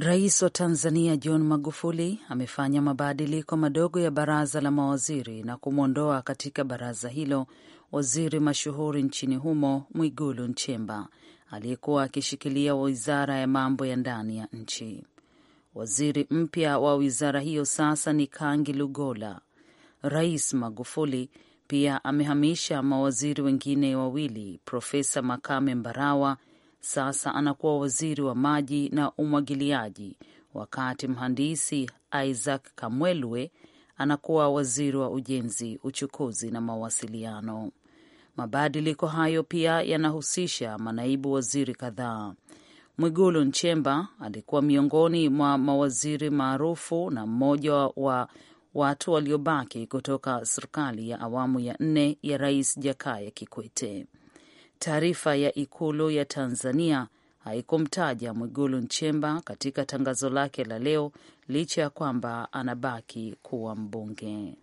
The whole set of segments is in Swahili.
Rais wa Tanzania John Magufuli amefanya mabadiliko madogo ya baraza la mawaziri na kumwondoa katika baraza hilo waziri mashuhuri nchini humo Mwigulu Nchemba aliyekuwa akishikilia wizara ya mambo ya ndani ya nchi. Waziri mpya wa wizara hiyo sasa ni Kangi Lugola. Rais Magufuli pia amehamisha mawaziri wengine wawili, Profesa Makame Mbarawa sasa anakuwa waziri wa maji na umwagiliaji, wakati mhandisi Isaac Kamwelwe anakuwa waziri wa ujenzi, uchukuzi na mawasiliano. Mabadiliko hayo pia yanahusisha manaibu waziri kadhaa. Mwigulu Nchemba alikuwa miongoni mwa mawaziri maarufu na mmoja wa watu waliobaki kutoka serikali ya awamu ya nne ya Rais Jakaya Kikwete. Taarifa ya Ikulu ya Tanzania haikumtaja Mwigulu Nchemba katika tangazo lake la leo licha ya kwamba anabaki kuwa mbunge.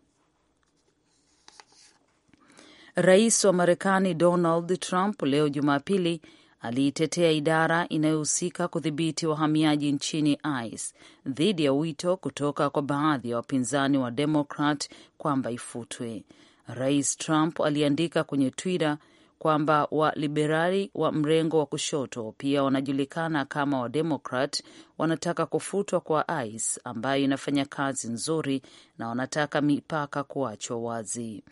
Rais wa Marekani Donald Trump leo Jumapili aliitetea idara inayohusika kudhibiti wahamiaji nchini ICE dhidi ya wito kutoka kwa baadhi ya wapinzani wa Demokrat kwamba ifutwe. Rais Trump aliandika kwenye Twitter kwamba waliberali wa mrengo wa kushoto pia wanajulikana kama wademokrat wanataka kufutwa kwa ICE ambayo inafanya kazi nzuri na wanataka mipaka kuachwa wazi.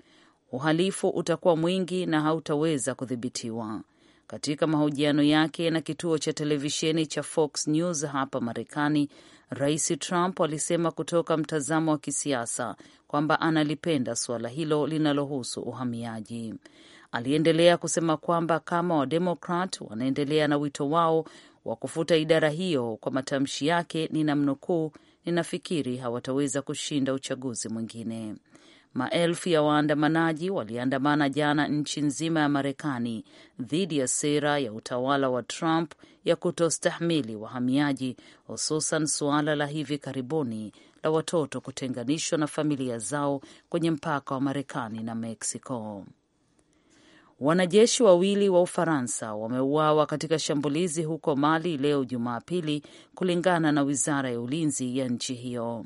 Uhalifu utakuwa mwingi na hautaweza kudhibitiwa. Katika mahojiano yake na kituo cha televisheni cha Fox News hapa Marekani, Rais Trump alisema kutoka mtazamo wa kisiasa kwamba analipenda suala hilo linalohusu uhamiaji. Aliendelea kusema kwamba kama Wademokrat wanaendelea na wito wao wa kufuta idara hiyo, kwa matamshi yake ninamnukuu, ninafikiri hawataweza kushinda uchaguzi mwingine. Maelfu ya waandamanaji waliandamana jana nchi nzima ya Marekani dhidi ya sera ya utawala wa Trump ya kutostahimili wahamiaji, hususan suala la hivi karibuni la watoto kutenganishwa na familia zao kwenye mpaka wa Marekani na Meksiko. Wanajeshi wawili wa Ufaransa wameuawa katika shambulizi huko Mali leo Jumapili, kulingana na wizara ya ulinzi ya nchi hiyo.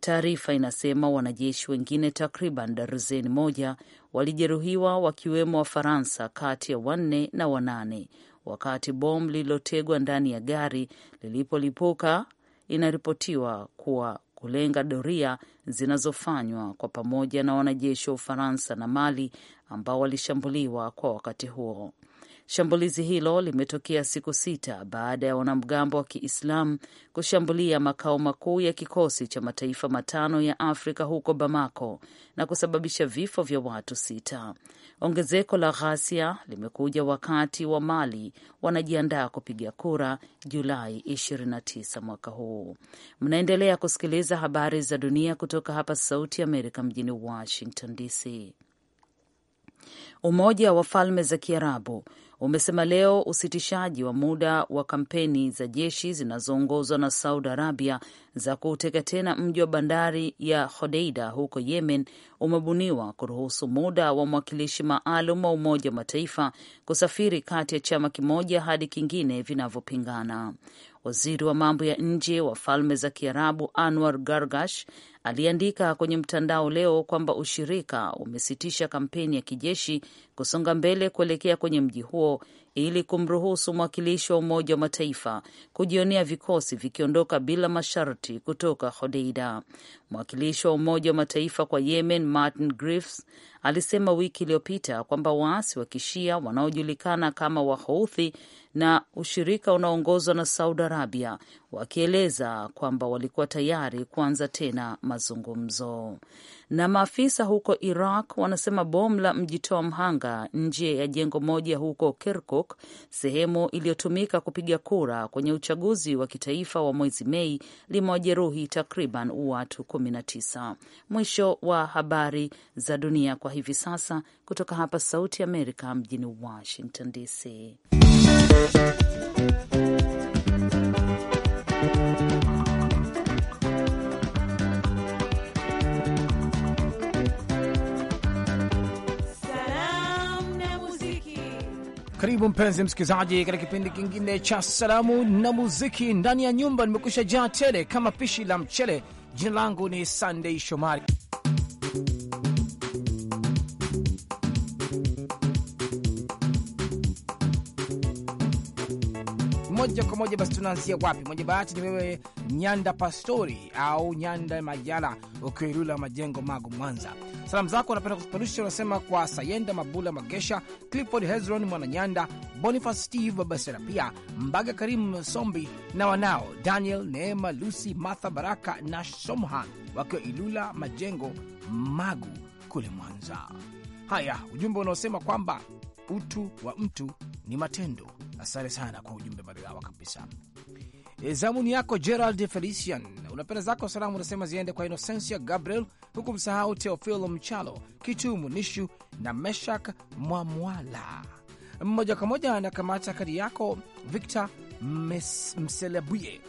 Taarifa inasema wanajeshi wengine takriban darzeni moja walijeruhiwa, wakiwemo Wafaransa kati ya wanne na wanane, wakati bomu lililotegwa ndani ya gari lilipolipuka. Inaripotiwa kuwa kulenga doria zinazofanywa kwa pamoja na wanajeshi wa Ufaransa na Mali ambao walishambuliwa kwa wakati huo. Shambulizi hilo limetokea siku sita baada ya wanamgambo wa Kiislamu kushambulia makao makuu ya kikosi cha mataifa matano ya Afrika huko Bamako na kusababisha vifo vya watu sita. Ongezeko la ghasia limekuja wakati wa Mali wanajiandaa kupiga kura Julai 29 mwaka huu. Mnaendelea kusikiliza habari za dunia kutoka hapa Sauti Amerika mjini Washington DC. Umoja wa Falme za Kiarabu umesema leo usitishaji wa muda wa kampeni za jeshi zinazoongozwa na Saudi Arabia za kuuteka tena mji wa bandari ya Hodeida huko Yemen umebuniwa kuruhusu muda wa mwakilishi maalum wa Umoja wa Mataifa kusafiri kati ya chama kimoja hadi kingine vinavyopingana. Waziri wa mambo ya nje wa Falme za Kiarabu Anwar Gargash aliandika kwenye mtandao leo kwamba ushirika umesitisha kampeni ya kijeshi kusonga mbele kuelekea kwenye mji huo ili kumruhusu mwakilishi wa Umoja wa Mataifa kujionea vikosi vikiondoka bila masharti kutoka Hodeida. Mwakilishi wa Umoja wa Mataifa kwa Yemen, Martin Griffiths, alisema wiki iliyopita kwamba waasi wa kishia wanaojulikana kama Wahouthi na ushirika unaoongozwa na Saudi Arabia wakieleza kwamba walikuwa tayari kuanza tena mazungumzo. Na maafisa huko Iraq wanasema bomu la mjitoa mhanga nje ya jengo moja huko Kirkuk, sehemu iliyotumika kupiga kura kwenye uchaguzi wa kitaifa wa mwezi Mei, limewajeruhi takriban watu 19. Mwisho wa habari za dunia kwa hivi sasa, kutoka hapa Sauti Amerika mjini Washington DC. Karibu mpenzi msikilizaji, katika kipindi kingine cha salamu na muziki ndani ya nyumba. Nimekusha jaa tele kama pishi la mchele. Jina langu ni Sunday Shomari. moja kwa moja basi, tunaanzia wapi? Moja bahati ni wewe Nyanda Pastori au Nyanda Majala, ukiwa Ilula Majengo, Magu, Mwanza. Salamu zako anapenda kuzipeperusha, unasema kwa Sayenda Mabula Magesha, Clifford Hezron mwana nyanda Boniface Steve Baba Serapia, Mbaga Karimu Sombi na wanao Daniel, Neema, Lucy, Martha Baraka na Shomha, wakiwa Ilula Majengo, Magu kule Mwanza. Haya, ujumbe unaosema kwamba utu wa mtu ni matendo Asante sana kwa ujumbe maridhawa kabisa. E, zamu ni yako Gerald Felician, unapenda zako salamu unasema ziende kwa Inosensia Gabriel, huku msahau Teofilo Mchalo Kitumu Nishu na Meshak Mwamwala. Mmoja kwa moja anakamata kadi yako Victor Mselabuye.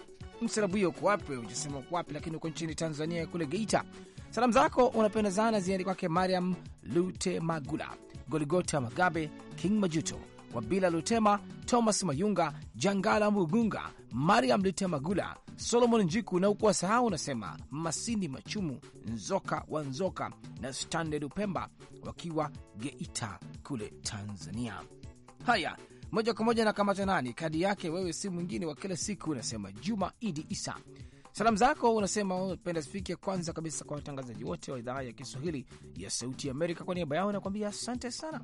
Mselabuye uko wapi? Ujasema uko wapi, lakini uko nchini Tanzania, kule Geita. Salamu zako unapenda sana ziende kwake Mariam Lute Magula, Goligota Magabe, King Majuto bila Lutema, Thomas Mayunga, Jangala Mugunga, Mariam litemagula Solomon Njiku na ukuwa sahau unasema Masini Machumu, Nzoka wa Nzoka na Standard Upemba wakiwa Geita kule Tanzania. Haya, moja kwa moja na kamata nani kadi yake. Wewe si mwingine wa kila siku, unasema Juma Idi Isa. Salamu zako unasema unapenda spiki ya kwanza kabisa kwa watangazaji wote wa idhaa ya Kiswahili ya Sauti ya Amerika. Kwa niaba yao nakuambia asante sana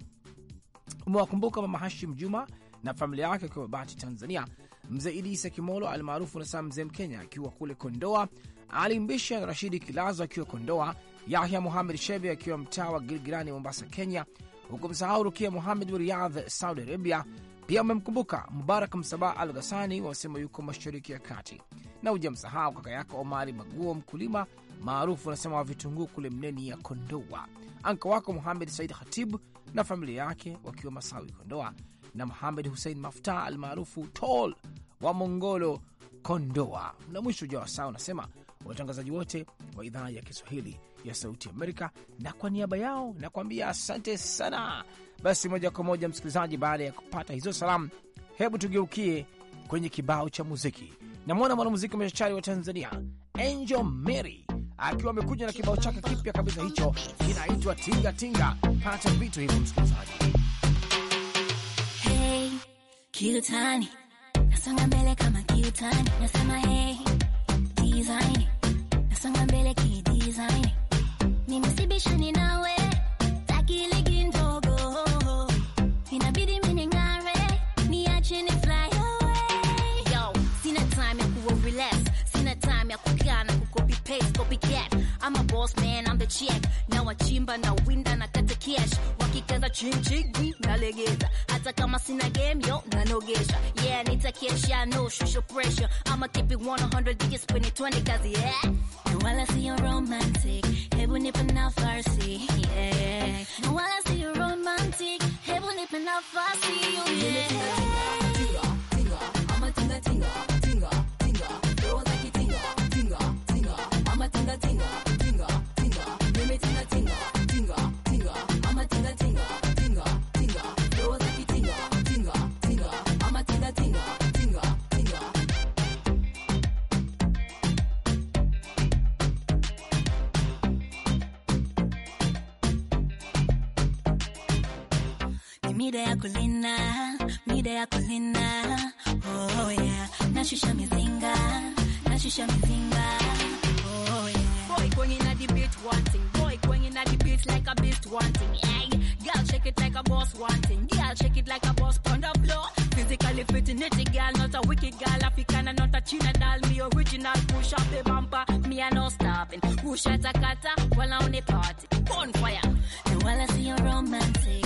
umewakumbuka Mama Hashim Juma na familia yake akiwa Babati, Tanzania. Mzee Idi Isa Kimolo almaarufu na saa Mzee Mkenya akiwa kule Kondoa, Ali Mbisha Rashidi Kilazo akiwa Kondoa, Yahya Muhamed Shebe akiwa mtaa wa Gilgirani, Mombasa, Kenya, huku msahau Rukia Muhamed wa Riyadh, Saudi Arabia. Pia umemkumbuka Mubarak msabah Al Ghasani wasema yuko Mashariki ya Kati, na uja msahau kaka yako Omari Maguo, mkulima maarufu anasema wa vitunguu kule Mneni ya Kondoa, anka wako Muhamed Said Khatib na familia yake wakiwa Masawi Kondoa, na Muhamed Hussein Mafta almaarufu Tol wa Mongolo Kondoa. Na mwisho ujawa saa unasema watangazaji wote wa idhaa ya Kiswahili ya Sauti Amerika, na kwa niaba yao nakuambia asante sana. Basi moja kwa moja, msikilizaji, baada ya kupata hizo salamu, hebu tugeukie kwenye kibao cha muziki. Namwona mwanamuziki machachari wa Tanzania Angel Mary akiwa amekuja na kibao chake kipya kabisa hicho kinaitwa tinga tinga. Pata vitu hivyo msikilizaji. Hey, kiutani nasonga mbele kama kiutani, nasema hey design nasonga mbele kidesign, nimesibishani nawe nimechiek na wachimba na winda na kata kiash wakikanda chimchigwi nalegeza hata kama sina game yo nanogesha yeah cash, nitakiesha no shusho pressure ama keep it 100 digits kwenye 20 kazi yeah wala sio romantic hebu nipa nafasi kulina, mida ya kulina, oh yeah, nashusha mizinga, nashusha mizinga, oh yeah. Boy going in at the beat wanting, boy going in at the beat like a beast wanting, hey. Girl shake it like a boss wanting, girl shake it like a boss pound of blow. Physically fit in it, girl, not a wicked girl, African and not a China doll, me original, push up the bumper, me a no stopping. Push at a cutter, while on the party, bonfire. Now while I see you romantic.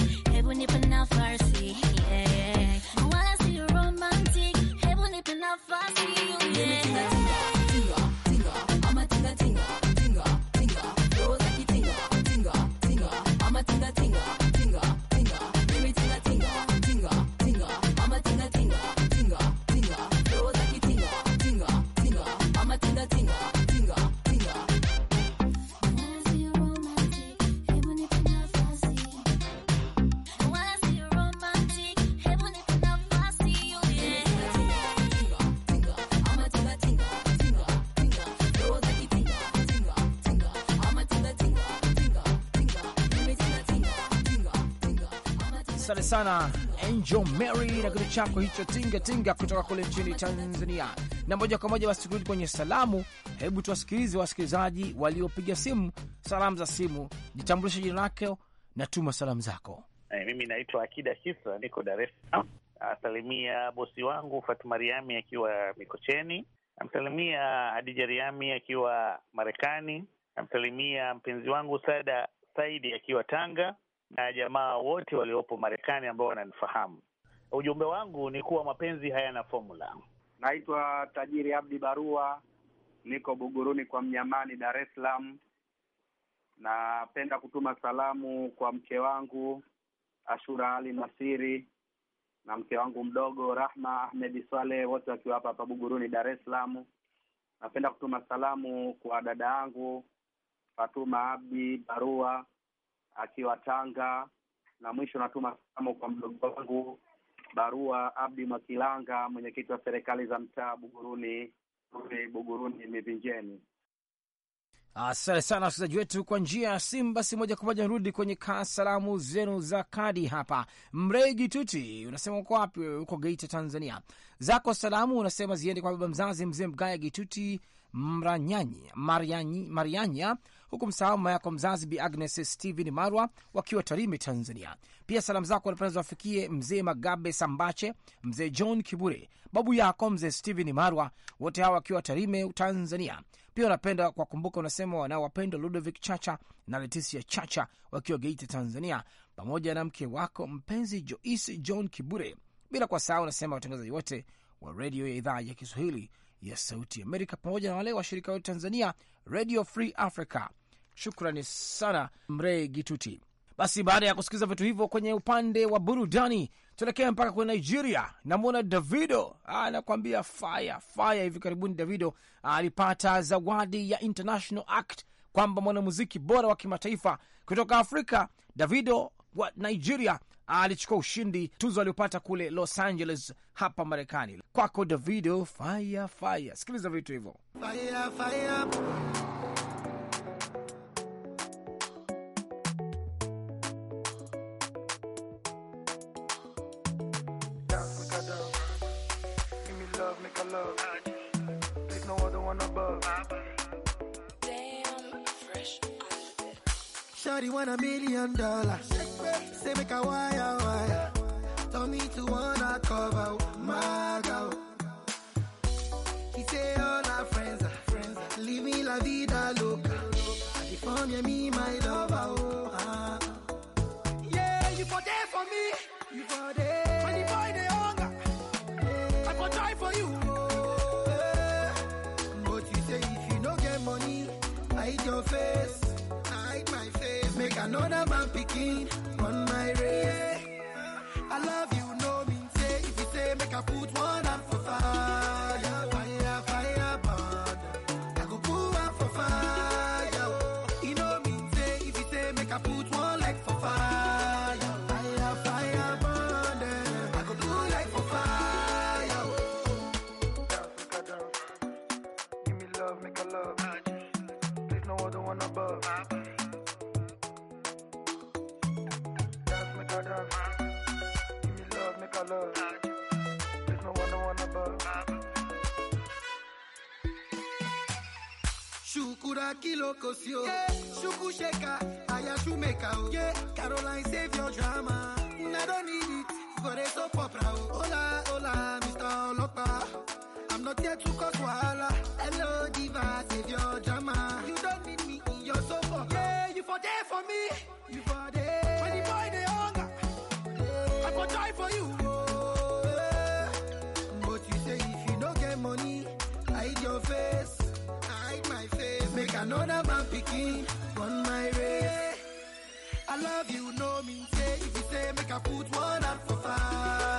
sana Angel Mary na kitu chako hicho tinga tinga kutoka kule nchini Tanzania. Na moja kwa moja basi kurudi kwenye salamu. Hebu tuwasikilize wasikilizaji waliopiga simu, salamu za simu. Jitambulishe jina lako na tuma salamu zako. Hey, eh, mimi naitwa Akida Shisa, niko Dar es Salaam. Asalimia bosi wangu Fatuma Riami akiwa Mikocheni. Namsalimia Hadija Riami akiwa Marekani. Namsalimia mpenzi wangu Sada Saidi akiwa Tanga na jamaa wote waliopo Marekani ambao wananifahamu. Ujumbe wangu ni kuwa mapenzi hayana fomula. Naitwa Tajiri Abdi Barua, niko Buguruni kwa Mnyamani, Dar es Salaam. Napenda kutuma salamu kwa mke wangu Ashura Ali Nasiri na mke wangu mdogo Rahma Ahmed Swale, wote wakiwa hapa hapa Buguruni, Dar es Salaam. Napenda kutuma salamu kwa dada yangu Fatuma Abdi Barua akiwa Tanga, na mwisho natuma salamu kwa mdogo wangu Barua Abdi Makilanga, mwenyekiti wa serikali za mtaa Buguruni, Buguruni Mivinjeni. Asante sana wasikilizaji wetu kwa njia ya simu. Basi moja kwa moja nirudi kwenye kaa salamu zenu za kadi hapa. Mregi Tuti, unasema uko wapi? Uko Geita, Tanzania. Zako salamu unasema ziende kwa baba mzazi mzee Mgaya Gituti Mranyanyi, Marianyi, Marianya, huku msahau mama yako mzazi Bi Agnes Steven Marwa wakiwa Tarime, Tanzania. Pia salamu zako napenda ziwafikie mzee Magabe Sambache, mzee John Kibure, babu yako mzee Steven Marwa, wote hawa wakiwa Tarime, Tanzania. Pia unapenda kuwakumbuka, unasema wanaowapenda Ludovic Chacha na Leticia Chacha wakiwa Geita, Tanzania, pamoja na mke wako mpenzi Joyce John Kibure, bila kuwasahau unasema watangazaji wote wa redio ya idhaa ya Kiswahili ya Sauti Amerika pamoja na wale washirika wetu Tanzania, Radio Free Africa. Shukrani sana Mrei Gituti. Basi baada ya kusikiliza vitu hivyo kwenye upande wa burudani, tuelekea mpaka kwenye Nigeria. Namwona Davido anakuambia fire fire. Hivi karibuni Davido alipata zawadi ya International Act kwamba mwanamuziki bora wa kimataifa kutoka Afrika. Davido wa Nigeria alichukua ushindi tuzo aliopata kule Los Angeles hapa Marekani. Kwako Davido, fire fire, sikiliza vitu hivyo Shawty want a million dollars Say make a wire, wire. Tell me to wanna cover my girl. He say all our friends are friends. Leave me la vida loca. If only me, my lover, oh, ah. Yeah, you for there for me. You for there. Money, hide your face, hide my face. Make another man picking. Shukura kilokosio, sio yeah. Shuku sheka aya o yeah. Caroline save your drama I don't need it for a so opera o Hola hola Mr. Olopa I'm not here to cause wahala Hello diva save your drama You don't need me in your sofa. Yeah you for there for me You for pikin on my way. I love you, no mean say. If you say, make I put one out for five.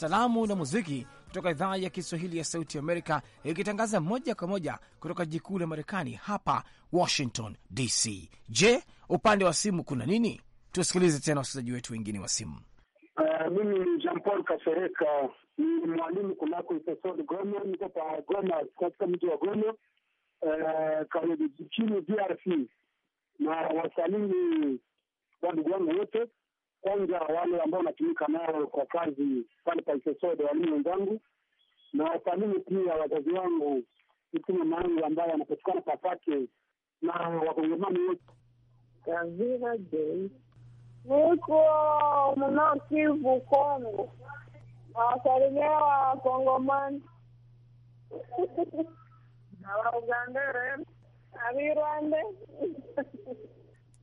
salamu na muziki kutoka idhaa ya Kiswahili ya Sauti Amerika, ikitangaza moja kwa moja kutoka jiji kuu la Marekani, hapa Washington DC. Je, upande wa simu kuna nini? Tusikilize tena wasikilizaji wetu wengine wa simu. Uh, mimi ni Jean Paul Kasereka, ni mwalimu kunako Goma, niko pa Goma, katika mji wa Goma eh, Kaebi, DRC, na wasalimi wandugu wangu wote kwanza wale ambao wanatumika nao kwa kazi pale Paisosodo, walimu wenzangu na wasalimu pia wazazi wangu, mtume mangu ambaye anapatikana Pasake na wakongamani wote Kavira Niko mnao Kivu, Kongo, nawasalimia Wakongomani na Waugandere na Virwande.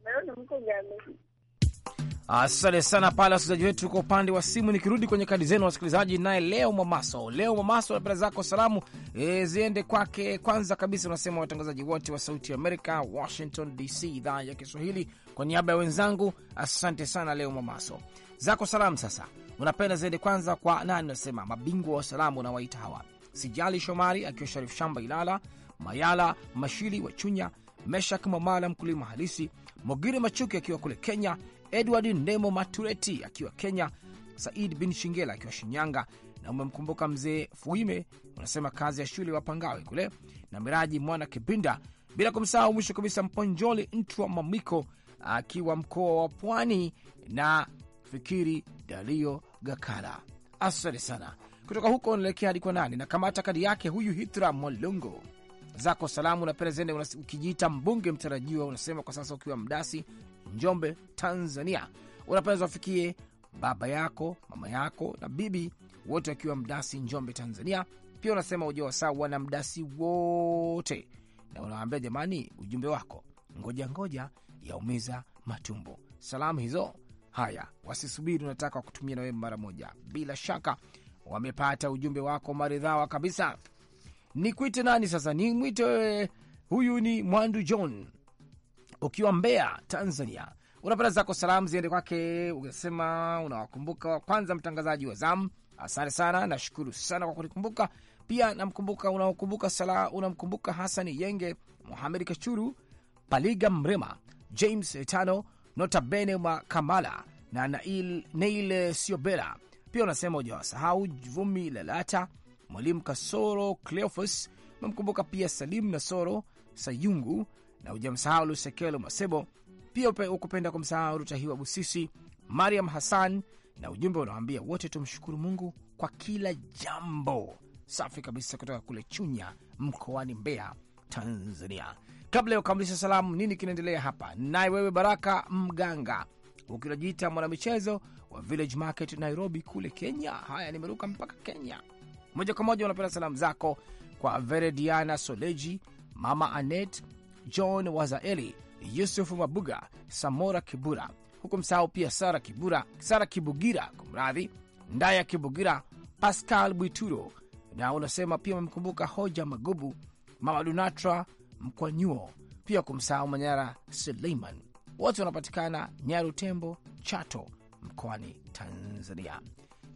Nayo ni mko gani? Asante sana pale wasikilizaji wetu kwa upande wa simu. Nikirudi kwenye kadi zenu wasikilizaji, naye leo Mamaso, leo Mamaso, napenda zako salamu e, ziende kwake. Kwanza kabisa unasema watangazaji wote wa Sauti Amerika, Washington DC, idhaa ya Kiswahili, kwa niaba ya wenzangu, asante sana leo Mamaso. Zako salamu sasa unapenda ziende kwanza kwa nani? Unasema mabingwa wa salamu unawaita hawa, Sijali Shomari akiwa Sharif Shamba Ilala, Mayala Mashili wa Chunya, Meshak Mamala mkulima halisi, Mogiri Machuki akiwa kule Kenya, Edward Nemo Matureti akiwa Kenya, Said bin Shingela akiwa Shinyanga, na umemkumbuka mzee Fuime, unasema kazi ya shule wapangawe kule na Miraji Mwana Kibinda, bila kumsahau mwisho kabisa Mponjoli mtu wa Mamiko akiwa mkoa wa Pwani na Fikiri Dalio Gakala. Asante sana. Kutoka huko unaelekea hadi kwa nani? Na kamata kadi yake huyu Hitra Mwalongo zako salamu na perezende, ukijiita mbunge mtarajiwa, unasema kwa sasa ukiwa mdasi Njombe, Tanzania. Unapenda wafikie baba yako, mama yako na bibi wote wakiwa Mdasi, Njombe, Tanzania. Pia unasema ujawasaa wana Mdasi wote, na unawaambia jamani, ujumbe wako ngoja ngoja yaumiza matumbo. Salamu hizo haya, wasisubiri, unataka wakutumia na wewe mara moja. Bila shaka wamepata ujumbe wako maridhawa kabisa. Nikwite nani sasa? Nimwite huyu ni Mwandu John ukiwa Mbeya, Tanzania, unapenda zako salamu ziende kwake, ukisema unawakumbuka wa kwanza mtangazaji wa zamu. Asante sana, nashukuru sana kwa kunikumbuka. Pia namkumbuka, unaokumbuka sala, unamkumbuka Hasani Yenge, Muhamed Kachuru, Paliga Mrema, James Tano, Bene Makamala na Nail, Nail Siobela. Pia unasema ujawasahau Vumi Lalata, Mwalimu Kasoro Cleofus, namkumbuka pia Salim Nasoro Sayungu na hujamsahau Lusekelo Masebo. Pia ukupenda kumsahau Rutahiwa Busisi, Mariam Hassan, na ujumbe unawaambia wote tumshukuru Mungu kwa kila jambo. Safi kabisa, kutoka kule Chunya mkoani Mbeya, Tanzania. Kabla ya kukamilisha salamu, nini kinaendelea hapa? Naye wewe Baraka Mganga ukinajiita mwanamichezo wa Village Market Nairobi kule Kenya. Haya, nimeruka mpaka Kenya moja kwa moja. Unapenda salamu zako kwa Verediana Soleji, mama Anet John Wazaeli, Yusuf Mabuga, Samora Kibura, huku msahau pia Sara Kibura, Sara Kibugira, kumradhi, Ndaya Kibugira, Pascal Bwituro, na unasema pia amemkumbuka Hoja Magubu, Mama Dunatra Mkwanyuo, pia kumsahau Manyara Suleiman. Wote wanapatikana nyaru tembo Chato, mkoani Tanzania.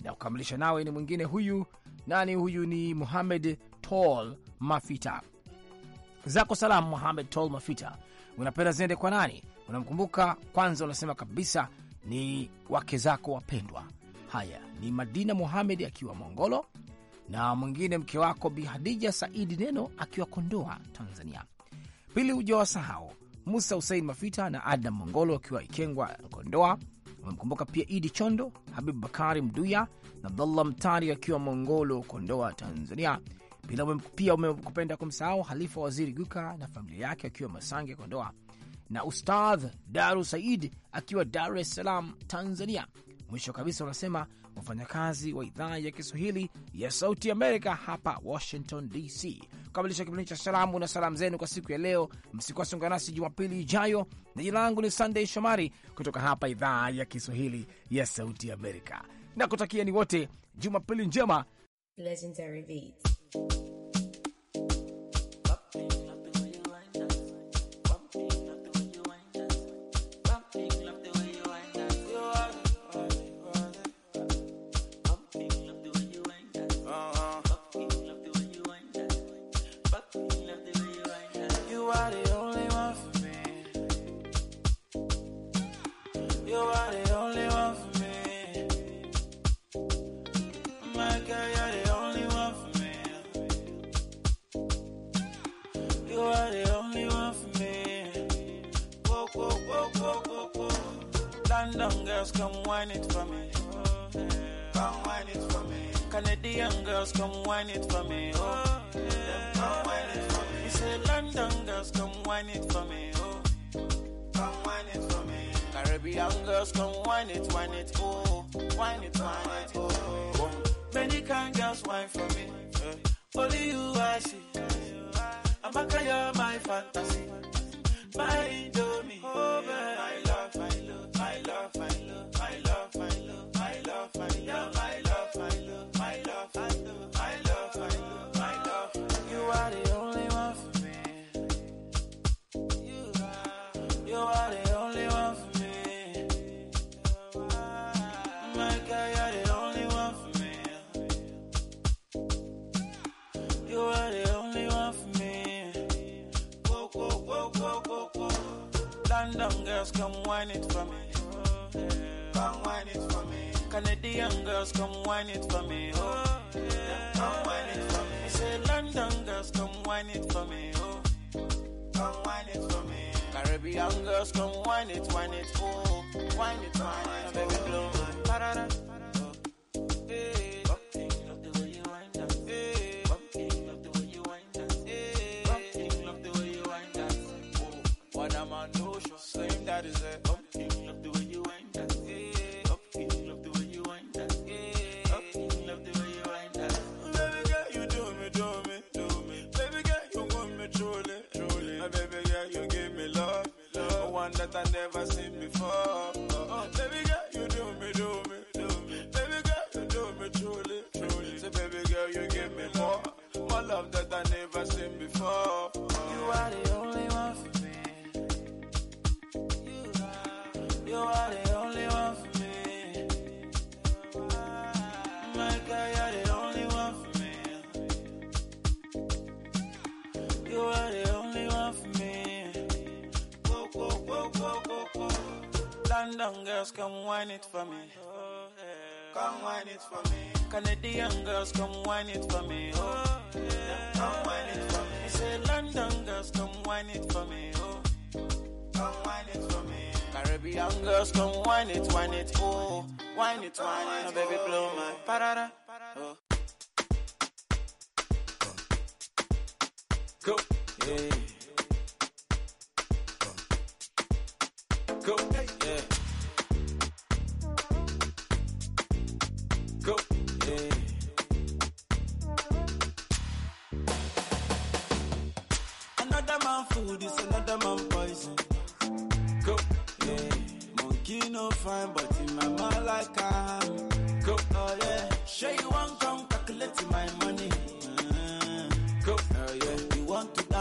Na kukamilisha nawe ni mwingine huyu. Nani huyu? Ni Muhamed Tol Mafita zako salamu. Mohamed Tol Mafita, unapenda ziende kwa nani? Unamkumbuka kwanza, unasema kabisa ni wake zako wapendwa. Haya, ni Madina Mohamed akiwa Mongolo, na mwingine mke wako Bi Hadija Saidi Neno akiwa Kondoa, Tanzania. Pili huja wasahau Musa Husein Mafita na Adam Mongolo akiwa Ikengwa, Kondoa. Amemkumbuka pia Idi Chondo, Habib Bakari Mduya na Abdullah Mtari akiwa Mongolo, Kondoa, Tanzania ume, pia umekupenda kumsahau Halifa Waziri Guka na familia yake akiwa Masange, Kondoa, na Ustadh Daru Said akiwa Dar es Salaam, Tanzania. Mwisho kabisa unasema wafanyakazi wa idhaa ya Kiswahili ya Sauti Amerika hapa Washington DC. Kukamilisha kipindi cha salamu na salamu zenu kwa siku ya leo, msikose ungana nasi Jumapili ijayo, na jina langu ni sandey Shomari kutoka hapa idhaa ya Kiswahili ya Sauti Amerika, na kutakieni wote Jumapili njema Legendary Beats. you. wine it, oh, wine it, wine it, oh. Many kind girls wine for me, eh. only you I see. Amaka, you're my fantasy, my indomie, oh, my love, my love. let the young girls come whine it for me, oh. Yeah. Come whine it for me. Say London girls come whine it for me, oh. Come whine it for me. Caribbean girls come whine it, whine it, oh. Whine it, whine it, oh. baby, blow my. that I never seen before. Uh-uh. baby girl, you do me, do me, do me. Baby girl, you do me truly, truly. Say, baby girl, you give me more, more love that I never seen before. Uh-uh. You are the only one for me. you are the only one for me. My girl, you're the only one for me. You are. London girls, come wine it for me. Oh, Come wine it for me. Canadian girls, come wine it for me. Oh, yeah. Come wine it for me. Say London girls, come wine it for me. Oh, come wine it for me. Caribbean girls, come wine it, wine it, oh, wine it, wine it, oh, baby, blow my parada. Oh. Go, yeah.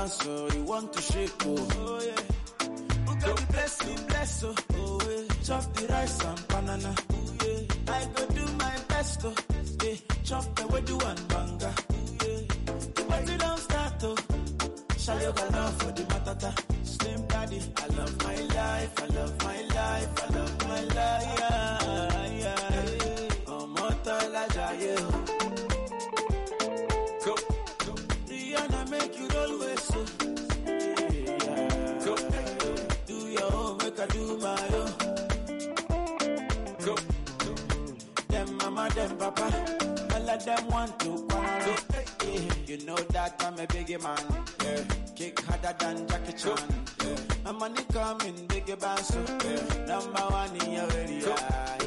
dance, so you want to shake, oh. oh yeah. God be bless you, bless you, oh yeah. Chop the rice and banana, oh yeah. I go do my best, oh yeah. Chop the way do and banga, oh yeah. The party don't start, oh. Shall you love for the matata? Slim daddy? I love my life, I love my life, I love my life, yeah. them want to quarrel. Yeah. You know that I'm a biggie man. Yeah. Kick harder than Jackie Chan. Yeah. My money coming, biggie bounce. Yeah. Number one in your area.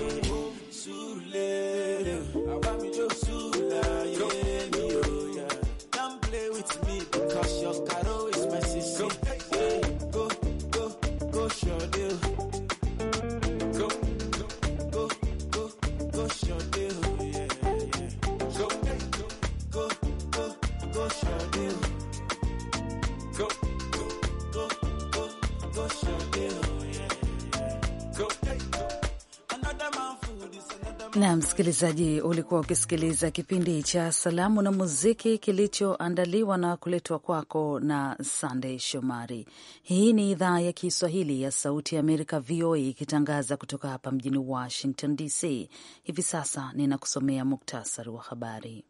na msikilizaji, ulikuwa ukisikiliza kipindi cha salamu na muziki kilichoandaliwa na kuletwa kwako na Sandey Shomari. Hii ni idhaa ya Kiswahili ya Sauti ya Amerika, VOA, ikitangaza kutoka hapa mjini Washington DC. Hivi sasa ninakusomea muktasari wa habari.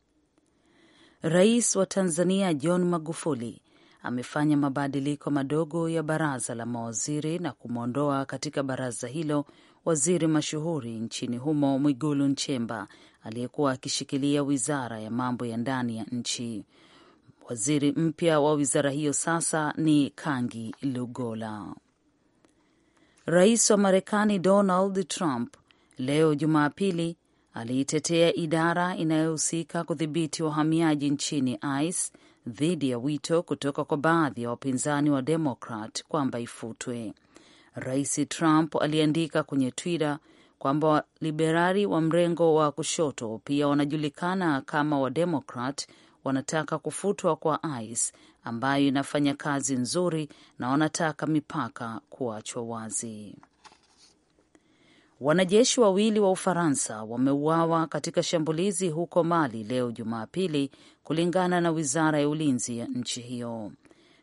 Rais wa Tanzania John Magufuli amefanya mabadiliko madogo ya baraza la mawaziri na kumwondoa katika baraza hilo waziri mashuhuri nchini humo Mwigulu Nchemba aliyekuwa akishikilia wizara ya mambo ya ndani ya nchi. Waziri mpya wa wizara hiyo sasa ni Kangi Lugola. Rais wa Marekani Donald Trump leo Jumapili aliitetea idara inayohusika kudhibiti wahamiaji nchini ICE dhidi ya wito kutoka kwa baadhi ya wapinzani wa Demokrat kwamba ifutwe. Rais Trump aliandika kwenye Twitter kwamba liberali wa mrengo wa kushoto pia wanajulikana kama Wademokrat wanataka kufutwa kwa ICE ambayo inafanya kazi nzuri na wanataka mipaka kuachwa wazi. Wanajeshi wawili wa Ufaransa wameuawa katika shambulizi huko Mali leo Jumapili, kulingana na wizara ya ulinzi ya nchi hiyo.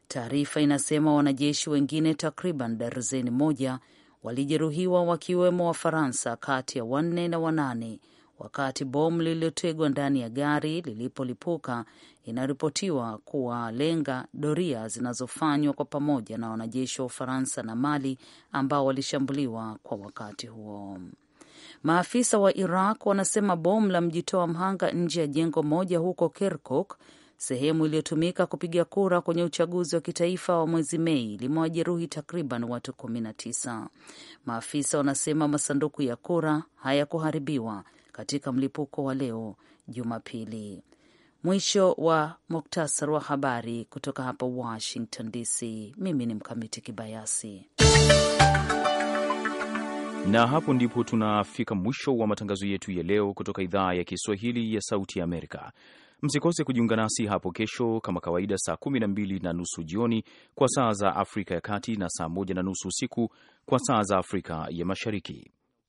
Taarifa inasema wanajeshi wengine takriban darzeni moja walijeruhiwa wakiwemo Wafaransa kati ya wanne na wanane wakati bomu lililotegwa ndani ya gari lilipolipuka, inaripotiwa kuwalenga doria zinazofanywa kwa pamoja na wanajeshi wa Ufaransa na Mali ambao walishambuliwa kwa wakati huo. Maafisa wa Iraq wanasema bomu la mjitoa mhanga nje ya jengo moja huko Kirkuk, sehemu iliyotumika kupiga kura kwenye uchaguzi wa kitaifa wa mwezi Mei, limewajeruhi takriban watu 19. Maafisa wanasema masanduku ya kura hayakuharibiwa katika mlipuko wa leo Jumapili. Mwisho wa muktasar wa habari kutoka hapa Washington DC. Mimi ni Mkamiti Kibayasi, na hapo ndipo tunafika mwisho wa matangazo yetu ya leo kutoka idhaa ya Kiswahili ya Sauti ya Amerika. Msikose kujiunga nasi hapo kesho kama kawaida, saa 12 na nusu jioni kwa saa za Afrika ya Kati na saa 1 na nusu usiku kwa saa za Afrika ya Mashariki.